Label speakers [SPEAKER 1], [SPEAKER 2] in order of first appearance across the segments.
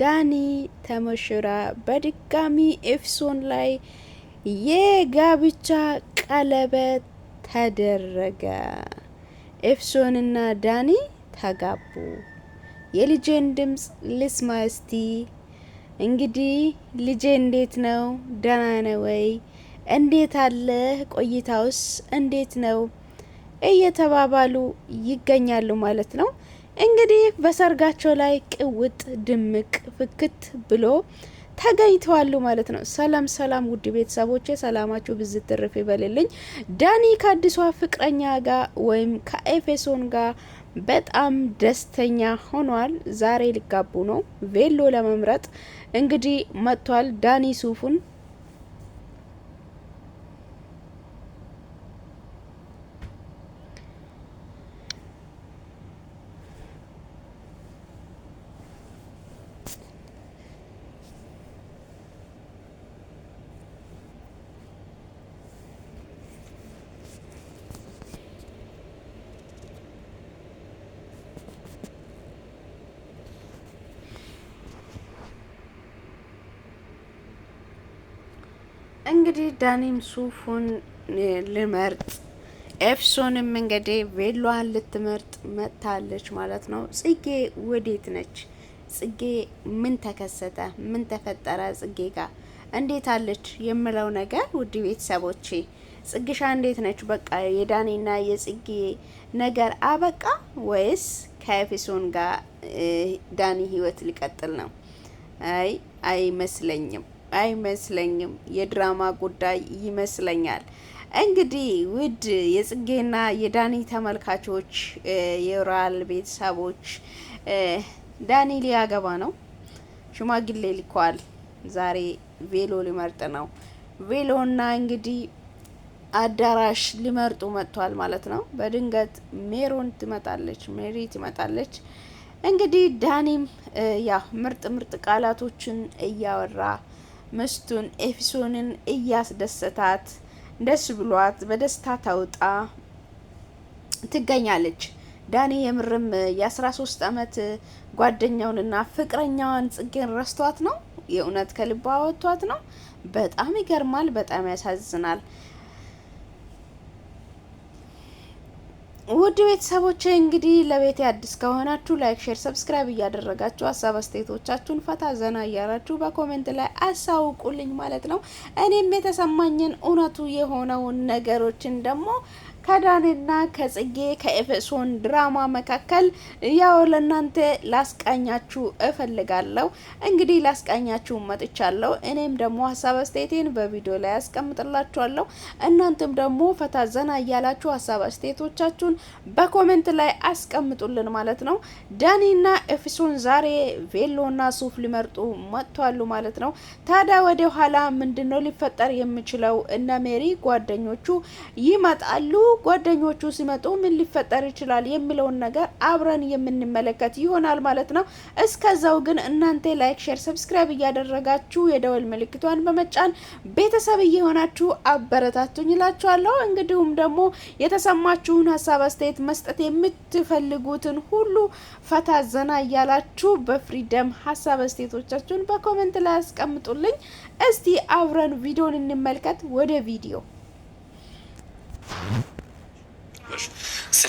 [SPEAKER 1] ዳኒ ተመሽራ በድጋሚ ኤፍሶን ላይ የጋብቻ ቀለበት ተደረገ። ኤፍሶንና ዳኒ ተጋቡ። የልጄን ድምፅ ልስማ እስቲ። እንግዲህ ልጄ እንዴት ነው? ደህና ወይ? እንዴት አለ ቆይታውስ? እንዴት ነው? እየተባባሉ ይገኛሉ ማለት ነው። እንግዲህ በሰርጋቸው ላይ ቅውጥ ድምቅ ፍክት ብሎ ተገኝተዋሉ ማለት ነው። ሰላም ሰላም፣ ውድ ቤተሰቦቼ ሰላማችሁ ብዝት ትርፍ ይበልልኝ። ዳኒ ከአዲሷ ፍቅረኛ ጋር ወይም ከኤፌሶን ጋር በጣም ደስተኛ ሆኗል። ዛሬ ሊጋቡ ነው። ቬሎ ለመምረጥ እንግዲህ መጥቷል ዳኒ ሱፉን እንግዲህ ዳኒም ሱፉን ልመርጥ ኤፍሶንም እንግዲህ ቬሏን ልትመርጥ መጥታለች ማለት ነው። ጽጌ ወዴት ነች? ጽጌ ምን ተከሰተ? ምን ተፈጠረ? ጽጌ ጋር እንዴት አለች የምለው ነገር ውድ ቤተሰቦቼ፣ ጽግሻ እንዴት ነች? በቃ የዳኒና የጽጌ ነገር አበቃ ወይስ ከኤፍሶን ጋር ዳኒ ህይወት ሊቀጥል ነው? አይ አይመስለኝም። አይመስለኝም። የድራማ ጉዳይ ይመስለኛል። እንግዲህ ውድ የጽጌና የዳኒ ተመልካቾች፣ የራል ቤተሰቦች ዳኒ ሊያገባ ነው። ሽማግሌ ልኳል። ዛሬ ቬሎ ሊመርጥ ነው። ቬሎና እንግዲህ አዳራሽ ሊመርጡ መጥቷል ማለት ነው። በድንገት ሜሮን ትመጣለች፣ ሜሪ ትመጣለች። እንግዲህ ዳኒም ያ ምርጥ ምርጥ ቃላቶችን እያወራ ምስቱን ኤፌሶንን እያስደሰታት ደስ ብሏት በደስታ ታውጣ ትገኛለች። ዳኒ የምርም የአስራ ሶስት አመት ጓደኛውንና ፍቅረኛዋን ጽጌን ረስቷት ነው። የእውነት ከልቧ ወጥቷት ነው። በጣም ይገርማል። በጣም ያሳዝናል። ውድ ቤተሰቦች እንግዲህ ለቤት አዲስ ከሆናችሁ ላይክ፣ ሼር፣ ሰብስክራይብ እያደረጋችሁ ሀሳብ አስተያየቶቻችሁን ፈታ ዘና እያላችሁ በኮሜንት ላይ አሳውቁልኝ ማለት ነው። እኔም የተሰማኝን እውነቱ የሆነውን ነገሮችን ደግሞ ከዳንና ከጽጌ ከኤፌሶን ድራማ መካከል ያው ለእናንተ ላስቃኛችሁ እፈልጋለሁ። እንግዲህ ላስቃኛችሁ መጥቻለሁ። እኔም ደግሞ ሀሳብ አስተያየቴን በቪዲዮ ላይ ያስቀምጥላችኋለሁ። እናንተም ደግሞ ፈታ ዘና እያላችሁ ሀሳብ አስተያየቶቻችሁን በኮሜንት ላይ አስቀምጡልን ማለት ነው። ዳኒና ኤፌሶን ዛሬ ቬሎና ሱፍ ሊመርጡ መጥቷሉ ማለት ነው። ታዲያ ወደ ኋላ ምንድነው ሊፈጠር የሚችለው? እነ ሜሪ ጓደኞቹ ይመጣሉ ጓደኞቹ ሲመጡ ምን ሊፈጠር ይችላል የሚለውን ነገር አብረን የምንመለከት ይሆናል ማለት ነው። እስከዛው ግን እናንተ ላይክ፣ ሼር፣ ሰብስክራይብ እያደረጋችሁ የደወል ምልክቷን በመጫን ቤተሰብ እየሆናችሁ አበረታቱኝ ይላችኋለሁ። እንግዲሁም ደግሞ የተሰማችሁን ሀሳብ አስተያየት መስጠት የምትፈልጉትን ሁሉ ፈታ ዘና እያላችሁ በፍሪደም ሀሳብ አስተያየቶቻችሁን በኮመንት ላይ አስቀምጡልኝ። እስቲ አብረን ቪዲዮን እንመልከት። ወደ ቪዲዮ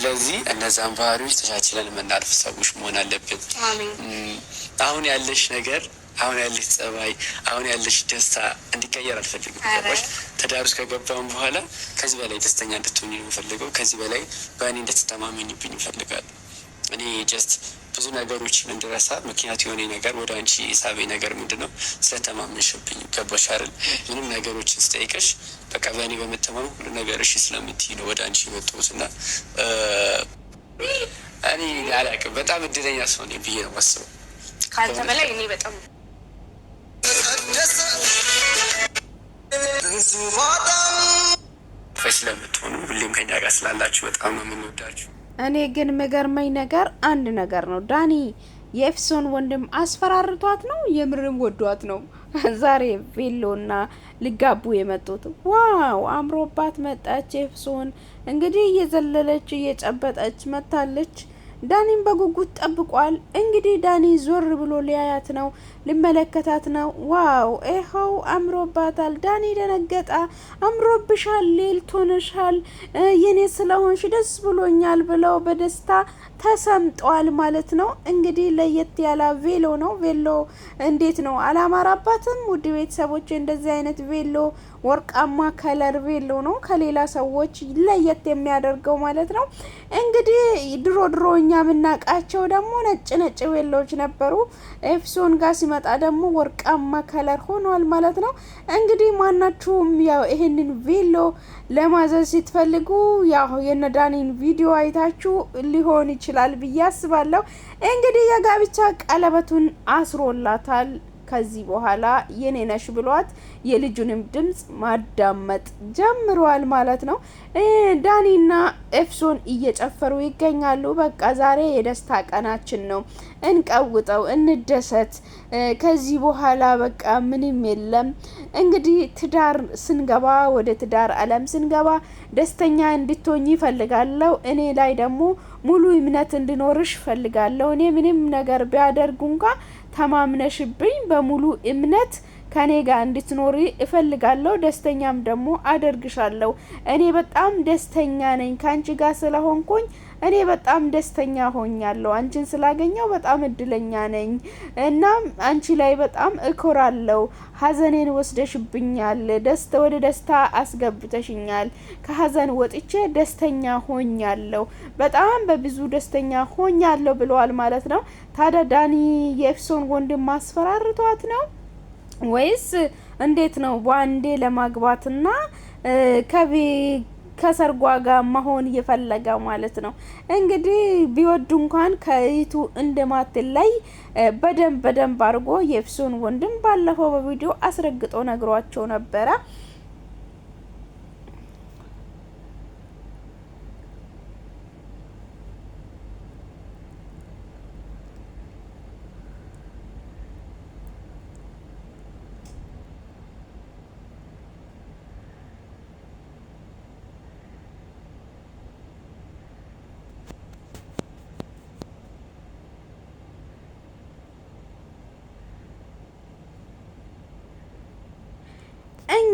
[SPEAKER 1] ስለዚህ እነዛን ባህሪዎች ተቻችለን የምናልፍ ሰዎች መሆን አለብን። አሁን ያለሽ ነገር አሁን ያለሽ ጸባይ፣ አሁን ያለሽ ደስታ እንዲቀየር አልፈልግም። ገባሽ? ትዳር ውስጥ ከገባም በኋላ ከዚህ በላይ ደስተኛ እንድትሆኝ ነው የምፈልገው። ከዚህ በላይ በእኔ እንደትተማመኝብኝ ይፈልጋል። እኔ ጀስት ብዙ ነገሮች እንድረሳ
[SPEAKER 2] ምክንያት የሆነ ነገር ወደ አንቺ የሳቤ ነገር ምንድን ነው ስለተማመንሽብኝ። ገባሽ ምንም ነገሮችን ስጠይቀሽ በቃ በእኔ በመተማመን ሁሉ ነገር እሺ ስለምትይ ነው ወደ አንቺ የመጣሁት እና እኔ አላውቅም በጣም እድለኛ ሰው ነኝ ብዬ ነው ማስበው። ከአንተ በላይ እኔ በጣም ስለምትሆኑ ሁሌም ከኛ ጋር ስላላችሁ በጣም ነው የምንወዳችሁ።
[SPEAKER 1] እኔ ግን ምገርመኝ ነገር አንድ ነገር ነው። ዳኒ የኤፍሶን ወንድም አስፈራርቷት ነው የምርም ወዷት ነው ዛሬ ቬሎና ሊጋቡ የመጡት። ዋው አምሮባት መጣች። ኤፍሶን እንግዲህ እየዘለለች እየጨበጠች መታለች። ዳኒም በጉጉት ጠብቋል። እንግዲህ ዳኒ ዞር ብሎ ሊያያት ነው፣ ሊመለከታት ነው። ዋው ይኸው አምሮባታል። ዳኒ ደነገጣ። አምሮብሻል፣ ሌልት የኔ ስለሆንሽ ደስ ብሎኛል ብለው በደስታ ተሰምጧል ማለት ነው። እንግዲህ ለየት ያለ ቬሎ ነው። ቬሎ እንዴት ነው አላማራባትም? ውድ ቤተሰቦች እንደዚህ አይነት ቬሎ ወርቃማ ከለር ቬሎ ነው፣ ከሌላ ሰዎች ለየት የሚያደርገው ማለት ነው። እንግዲህ ድሮ ድሮ እኛ የምናውቃቸው ደግሞ ነጭ ነጭ ቬሎዎች ነበሩ። ኤፍሶን ጋር ሲመጣ ደግሞ ወርቃማ ከለር ሆኗል ማለት ነው። እንግዲህ ማናችሁም ያው ይሄንን ቬሎ ለማዘዝ ስትፈልጉ ያው የነዳኒን ቪዲዮ አይታችሁ ሊሆን ይችላል ብዬ አስባለሁ። እንግዲህ የጋብቻ ቀለበቱን አስሮላታል። ከዚህ በኋላ የኔ ነሽ ብሏት የልጁንም ድምጽ ማዳመጥ ጀምሯል ማለት ነው። ዳኒና ኤፍሶን እየጨፈሩ ይገኛሉ። በቃ ዛሬ የደስታ ቀናችን ነው፣ እንቀውጠው፣ እንደሰት። ከዚህ በኋላ በቃ ምንም የለም። እንግዲህ ትዳር ስንገባ፣ ወደ ትዳር አለም ስንገባ ደስተኛ እንድትሆኝ ይፈልጋለሁ። እኔ ላይ ደግሞ ሙሉ እምነት እንድኖርሽ ፈልጋለሁ። እኔ ምንም ነገር ቢያደርጉ እንኳ ተማምነሽብኝ በሙሉ እምነት ከኔ ጋር እንድትኖሪ እፈልጋለሁ። ደስተኛም ደግሞ አደርግሻለሁ። እኔ በጣም ደስተኛ ነኝ ከአንቺ ጋር ስለሆንኩኝ እኔ በጣም ደስተኛ ሆኛለሁ። አንቺን ስላገኘው በጣም እድለኛ ነኝ። እናም አንቺ ላይ በጣም እኮራለሁ። ሀዘኔን ወስደሽብኛል፣ ደስተ ወደ ደስታ አስገብተሽኛል። ከሀዘን ወጥቼ ደስተኛ ሆኛለሁ። በጣም በብዙ ደስተኛ ሆኛለሁ ብለዋል ማለት ነው። ታዲያ ዳኒ የኤፍሶን ወንድም ማስፈራርቷት ነው ወይስ እንዴት ነው? በአንዴ ለማግባትና ከቤ ከሰርጓ ጋር መሆን የፈለገ ማለት ነው። እንግዲህ ቢወዱ እንኳን ከይቱ እንደማትለይ በደንብ በደንብ አድርጎ የፍሱን ወንድም ባለፈው በቪዲዮ አስረግጦ ነግሯቸው ነበረ።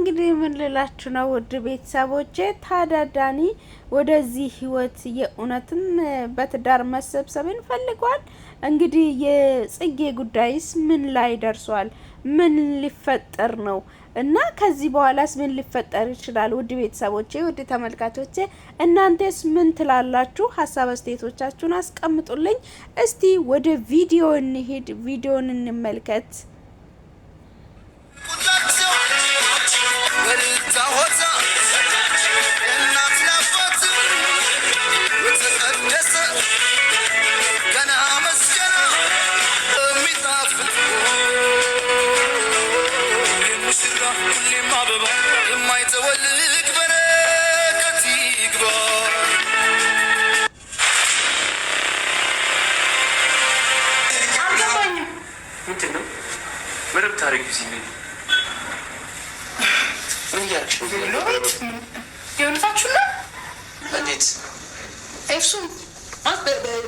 [SPEAKER 1] እንግዲህ ልላችሁ ነው ውድ ቤተሰቦቼ፣ ታዲያ ዳኒ ወደዚህ ህይወት የእውነትም በትዳር መሰብሰብን ፈልጓል። እንግዲህ የጽጌ ጉዳይስ ምን ላይ ደርሷል? ምን ሊፈጠር ነው? እና ከዚህ በኋላስ ምን ሊፈጠር ይችላል? ውድ ቤተሰቦቼ፣ ውድ ተመልካቾቼ እናንተስ ምን ትላላችሁ? ሀሳብ አስተያየቶቻችሁን አስቀምጡልኝ። እስቲ ወደ ቪዲዮ እንሂድ፣ ቪዲዮን እንመልከት። አበባ
[SPEAKER 3] የማይተወልቅ በረከት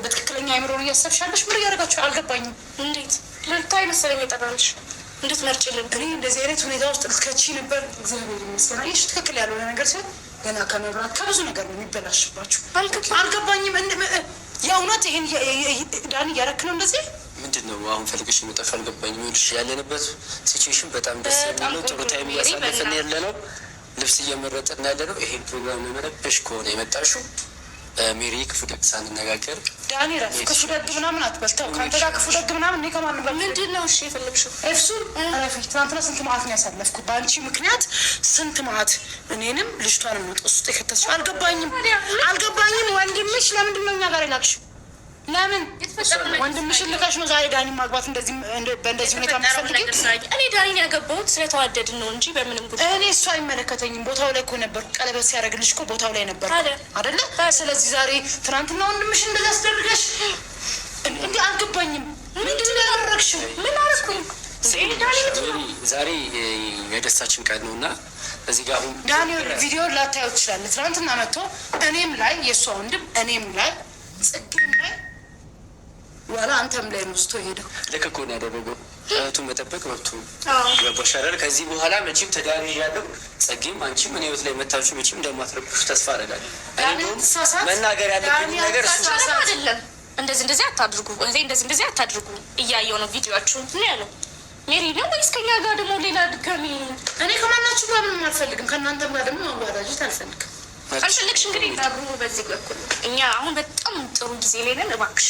[SPEAKER 3] በትክክለኛ አይምሮ እያሰብሻለሽ? ምን እያደረጋችሁ? አልገባኝም። እንዴት ልታይ መሰለኝ የጠራልሽ እንድትመርጭልን እኔ እንደዚህ አይነት ሁኔታ ውስጥ እስከቺ ነበር። እግዚአብሔር ይመስገን። ይሽ ትክክል ያልሆነ ነገር ሲሆን ገና ከመብራት ከብዙ ነገር ነው የሚበላሽባችሁ። አልገባኝም። የእውነት ይህን ዳን እያረክ ነው እንደዚህ
[SPEAKER 2] ምንድን ነው አሁን ፈልገሽ የመጠፍ አልገባኝም። ይኸውልሽ ያለንበት ሲቹዌሽን በጣም ደስ የሚለው ጥሩ ታይም እያሳለፍን ያለ ነው። ልብስ እየመረጥን ያለ ነው። ይሄን ፕሮግራም ለመረበሽ ከሆነ የመጣሽው በሜሪ ክፉ ደግ ሳንነጋገር
[SPEAKER 3] ዳኒ እረፍ። ክፉ ደግ ምናምን አትበልተው ከአንተ ጋር ክፉ ደግ ምናምን እኔ ከማን ጋር ምንድን ነው እሺ የፈለግሽው? እሱን እረፊ። ትናንትና ስንት መዓት ነው ያሳለፍኩ በአንቺ ምክንያት ስንት መዓት እኔንም ልጅቷንም ነው ውስጥ የከተትሽው። አልገባኝም፣ አልገባኝም ወንድምሽ ለምንድን ነው እኛ ጋር የላክሽው? ለምን ወንድምሽን ልከሽ ነው ዛሬ ዳኒ ማግባት እንደዚህ በእንደዚህ ሁኔታ የምትፈልጊው? እኔ ዳኒን ያገባሁት ስለተዋደድን ነው እንጂ በምንም ጉዳይ እኔ እሱ አይመለከተኝም። ቦታው ላይ እኮ ነበርኩ። ቀለበት ሲያደርግልሽ እኮ ቦታው ላይ ነበር አይደለ? ስለዚህ ዛሬ ትናንትና ወንድምሽን እንደዚህ አስደርገሽ እንዲ አልገባኝም። ምንድን ነው ያደረግሽው? ምን አደረግኩኝ?
[SPEAKER 2] ዛሬ የደስታችን ቀን ነው እና እዚህ ጋር አሁን
[SPEAKER 3] ዳኒል ቪዲዮ ላታየው ትችላለህ። ትናንትና መጥቶ እኔም ላይ የእሷ ወንድም እኔም ላይ ጽጌም ላይ በኋላ አንተም ላይ ውስቶ ሄደው
[SPEAKER 2] ልክ እኮ ነው ያደረገው። እህቱን መጠበቅ መብቱ መቦሻረር ከዚህ በኋላ መቼም ተዳሪ ያለው ጸጌም አንቺም እኔ ህይወት ላይ መታችሁ መቼም እንደማትረብሹ ተስፋ አደርጋለሁ። መናገር ያለብኝ ነገር አይደለም።
[SPEAKER 3] እንደዚህ እንደዚህ አታድርጉ፣ እንደዚህ እንደዚህ አታድርጉ እያየው ነው ቪዲዮችሁ ነው ያለው ሜሪ ነው ወይስ ከኛ ጋር ደግሞ ሌላ ድጋሚ? እኔ ከማናችሁ ጋር ምንም አልፈልግም፣ ከእናንተም ጋር ደግሞ አዋዳጅት አልፈልግም። አልፈልግሽ እንግዲህ በዚህ በኩል እኛ አሁን በጣም ጥሩ ጊዜ ላይ ነን። እባክሽ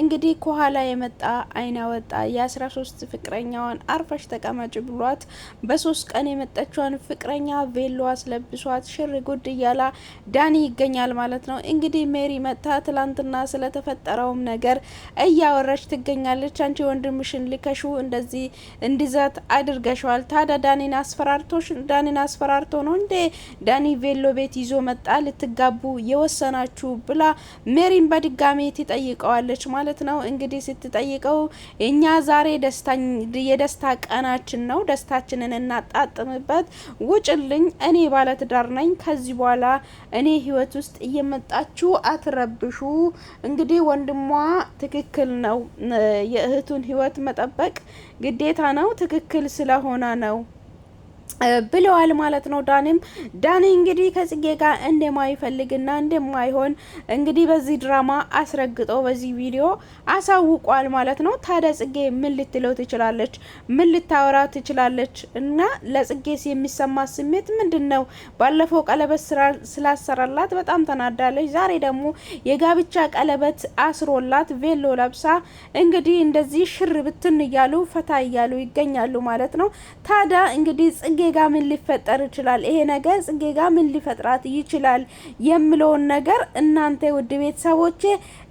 [SPEAKER 1] እንግዲህ ከኋላ የመጣ አይና ወጣ የአስራ ሶስት ፍቅረኛዋን አርፋሽ ተቀማጭ ብሏት በሶስት ቀን የመጣችዋን ፍቅረኛ ቬሎ አስለብሷት ሽር ጉድ እያላ ዳኒ ይገኛል ማለት ነው። እንግዲህ ሜሪ መጥታ ትላንትና ስለተፈጠረውም ነገር እያወራች ትገኛለች። አንቺ ወንድምሽን ልከሹ እንደዚህ እንዲዛት አድርገሸዋል። ታዲያ ዳኒን አስፈራርቶሽ ዳኒን አስፈራርቶ ነው እንዴ ዳኒ ቬሎ ቤት ይዞ መጣ ልትጋቡ የወሰናችሁ ብላ ሜሪን በድጋሜ ትጠይቀዋለች ማለት ማለት ነው። እንግዲህ ስትጠይቀው እኛ ዛሬ የደስታ ቀናችን ነው፣ ደስታችንን እናጣጥምበት፣ ውጭልኝ፣ እኔ ባለትዳር ነኝ፣ ከዚህ በኋላ እኔ ህይወት ውስጥ እየመጣችሁ አትረብሹ። እንግዲህ ወንድሟ ትክክል ነው፣ የእህቱን ህይወት መጠበቅ ግዴታ ነው። ትክክል ስለሆነ ነው ብለዋል ማለት ነው። ዳኒም ዳኒ እንግዲህ ከጽጌ ጋር እንደማይፈልግና እንደማይሆን እንግዲህ በዚህ ድራማ አስረግጦ በዚህ ቪዲዮ አሳውቋል ማለት ነው። ታዲያ ጽጌ ምን ልትለው ትችላለች? ምን ልታወራ ትችላለች? እና ለጽጌስ የሚሰማ ስሜት ምንድን ነው? ባለፈው ቀለበት ስላሰራላት በጣም ተናዳለች። ዛሬ ደግሞ የጋብቻ ቀለበት አስሮላት ቬሎ ለብሳ እንግዲህ እንደዚህ ሽር ብትን እያሉ ፈታ እያሉ ይገኛሉ ማለት ነው። ታዲያ እንግዲህ ጽጌ ጽጌ ምን ሊፈጠር ይችላል፣ ይሄ ነገር ጽጌ ጋ ምን ሊፈጥራት ይችላል የምለውን ነገር እናንተ ውድ ቤተሰቦቼ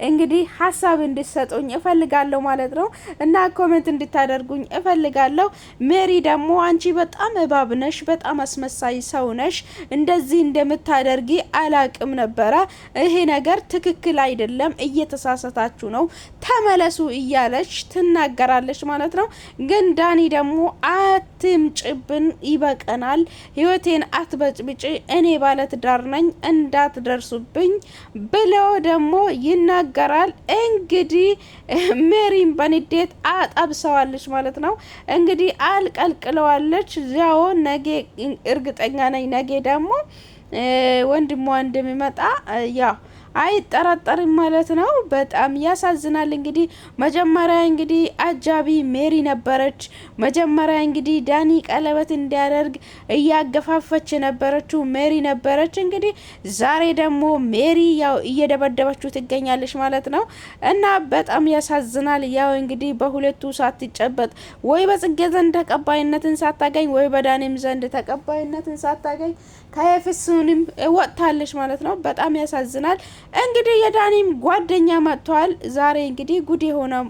[SPEAKER 1] እንግዲህ ሀሳብ እንድሰጡኝ እፈልጋለሁ ማለት ነው እና ኮመንት እንድታደርጉኝ እፈልጋለሁ። ሜሪ ደግሞ አንቺ በጣም እባብ ነሽ፣ በጣም አስመሳይ ሰው ነሽ፣ እንደዚህ እንደምታደርጊ አላቅም ነበረ። ይሄ ነገር ትክክል አይደለም፣ እየተሳሳታችሁ ነው፣ ተመለሱ እያለች ትናገራለች ማለት ነው። ግን ዳኒ ደግሞ አትምጭብን ይበቀናል። ህይወቴን አትበጭብጭ፣ እኔ ባለትዳር ነኝ እንዳትደርሱብኝ ብለው ደግሞ ይናገራል። እንግዲህ ሜሪን በንዴት አጠብሰዋለች ማለት ነው። እንግዲህ አልቀልቅለዋለች። ያው ነጌ እርግጠኛ ነኝ፣ ነጌ ደግሞ ወንድሟ እንደሚመጣ ያው አይጠራጠርም ማለት ነው። በጣም ያሳዝናል። እንግዲህ መጀመሪያ እንግዲህ አጃቢ ሜሪ ነበረች። መጀመሪያ እንግዲህ ዳኒ ቀለበት እንዲያደርግ እያገፋፈች የነበረችው ሜሪ ነበረች። እንግዲህ ዛሬ ደግሞ ሜሪ ያው እየደበደበችው ትገኛለች ማለት ነው እና በጣም ያሳዝናል። ያው እንግዲህ በሁለቱ ሳትጨበጥ ወይ በጽጌ ዘንድ ተቀባይነትን ሳታገኝ ወይ በዳኒም ዘንድ ተቀባይነትን ሳታገኝ ከፍሱንም ወጥታለች ማለት ነው። በጣም ያሳዝናል። እንግዲህ የዳኒም ጓደኛ መጥተዋል ዛሬ እንግዲህ ጉድ የሆነው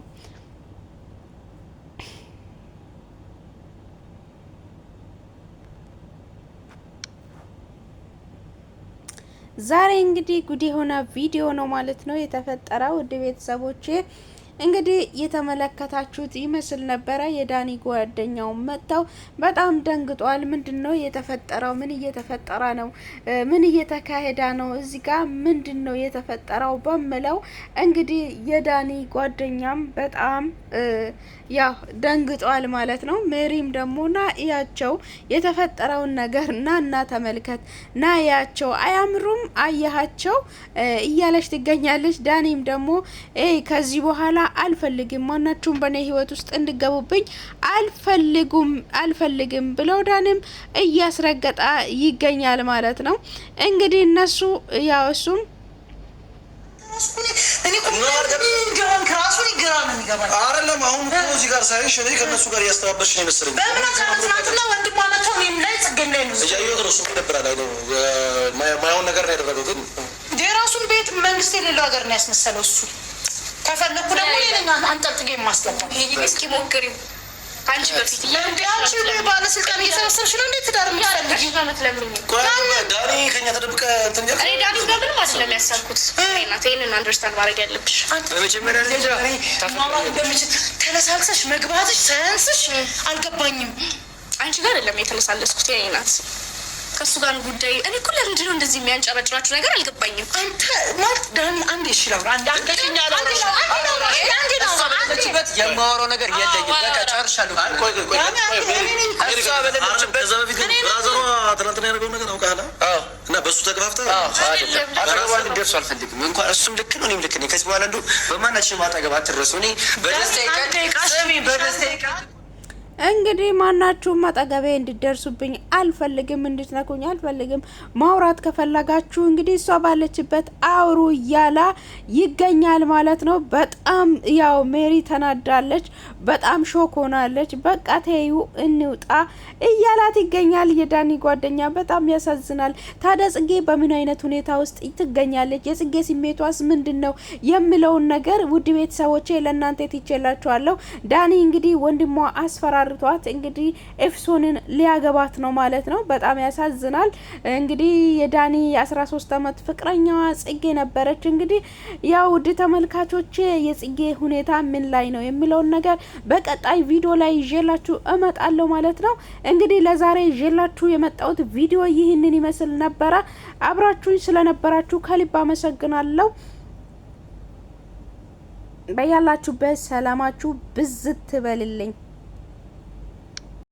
[SPEAKER 1] ዛሬ እንግዲህ ጉድ የሆነ ቪዲዮ ነው ማለት ነው የተፈጠረው ውድ ቤተሰቦቼ እንግዲህ የተመለከታችሁት ይመስል ነበረ። የዳኒ ጓደኛው መጥተው በጣም ደንግጧል። ምንድን ነው የተፈጠረው? ምን እየተፈጠረ ነው? ምን እየተካሄደ ነው? እዚህ ጋር ምንድን ነው የተፈጠረው? በምለው እንግዲህ የዳኒ ጓደኛም በጣም ያው ደንግጧል ማለት ነው። ሜሪም ደግሞ ና እያቸው የተፈጠረውን ነገር ና እና ተመልከት ና እያቸው አያምሩም አያሃቸው እያለች ትገኛለች። ዳኒም ደግሞ ከዚህ በኋላ አልፈልግም፣ ማናችሁም በእኔ ህይወት ውስጥ እንድገቡብኝ አልፈልጉም አልፈልግም ብለው ዳንም እያስረገጣ ይገኛል ማለት ነው። እንግዲህ እነሱ ያው እሱም
[SPEAKER 2] አይደለም አሁን እዚህ ጋር ሳይሽ እኔ ከእነሱ ጋር እያስተባበርሽ ነው ይመስለኝ። የማይሆን ነገር ነው ያደረገው ግን
[SPEAKER 3] የራሱን ቤት መንግስት የሌለው ሀገር ነው ያስመሰለው እሱ ከፈለኩ ደግሞ ሌላ አንጠልጥጌ የማስገባው እስኪ ሞክሪው። አንቺ በፊት አንቺ እየሰበሰብሽ ነው። እንዴት ዳር የሚያደርግሽ
[SPEAKER 2] ከኛ ተደብቀ ጋር
[SPEAKER 3] አንደርስታንድ ማድረግ ያለብሽ። በመጀመሪያ ተለሳልሰሽ መግባትሽ ሰንስሽ አልገባኝም። አንቺ ጋር አይደለም የተለሳለስኩት፣ የእኔ ናት ከእሱ ጋር ጉዳይ እኔ እኮ ለምንድን ነው እንደዚህ የሚያንጨበጭባችሁ ነገር አልገባኝም። አንተ ማለት ዳን አንዴ ሽላው
[SPEAKER 2] የማወራው ነገር የለኝም። በቃ ጨርሻለሁ። ትናንትና ያደረገው ነገር አውቃለሁ እና በእሱ አልፈልግም። እንኳን እሱም ልክ ነው እኔም ልክ ነኝ። ከዚህ በኋላ እንደው በማናችንም አጠገብ አትደረሱ። እኔ በደስታ
[SPEAKER 1] እንግዲህ ማናችሁም አጠገቤ እንድደርሱብኝ አልፈልግም፣ እንድትነኩኝ አልፈልግም። ማውራት ከፈለጋችሁ እንግዲህ እሷ ባለችበት አውሩ እያላ ይገኛል ማለት ነው። በጣም ያው ሜሪ ተናዳለች፣ በጣም ሾክ ሆናለች። በቃ ተዩ እንውጣ እያላት ይገኛል የዳኒ ጓደኛ። በጣም ያሳዝናል። ታዲያ ጽጌ በምን አይነት ሁኔታ ውስጥ ትገኛለች? የጽጌ ስሜቷስ ምንድን ነው የሚለውን ነገር ውድ ቤተሰቦቼ ለእናንተ ትቼላችኋለሁ። ዳኒ እንግዲህ ወንድሟ አስፈራ አስቀርቷት እንግዲህ ኤፍሶንን ሊያገባት ነው ማለት ነው። በጣም ያሳዝናል። እንግዲህ የዳኒ የአስራ ሶስት አመት ፍቅረኛዋ ጽጌ ነበረች። እንግዲህ ያው ውድ ተመልካቾች የጽጌ ሁኔታ ምን ላይ ነው የሚለውን ነገር በቀጣይ ቪዲዮ ላይ ይዤላችሁ እመጣለሁ ማለት ነው። እንግዲህ ለዛሬ ይዤላችሁ የመጣሁት ቪዲዮ ይህንን ይመስል ነበረ። አብራችሁኝ ስለነበራችሁ ከልብ አመሰግናለሁ። በያላችሁበት ሰላማችሁ ብዝት ትበልልኝ።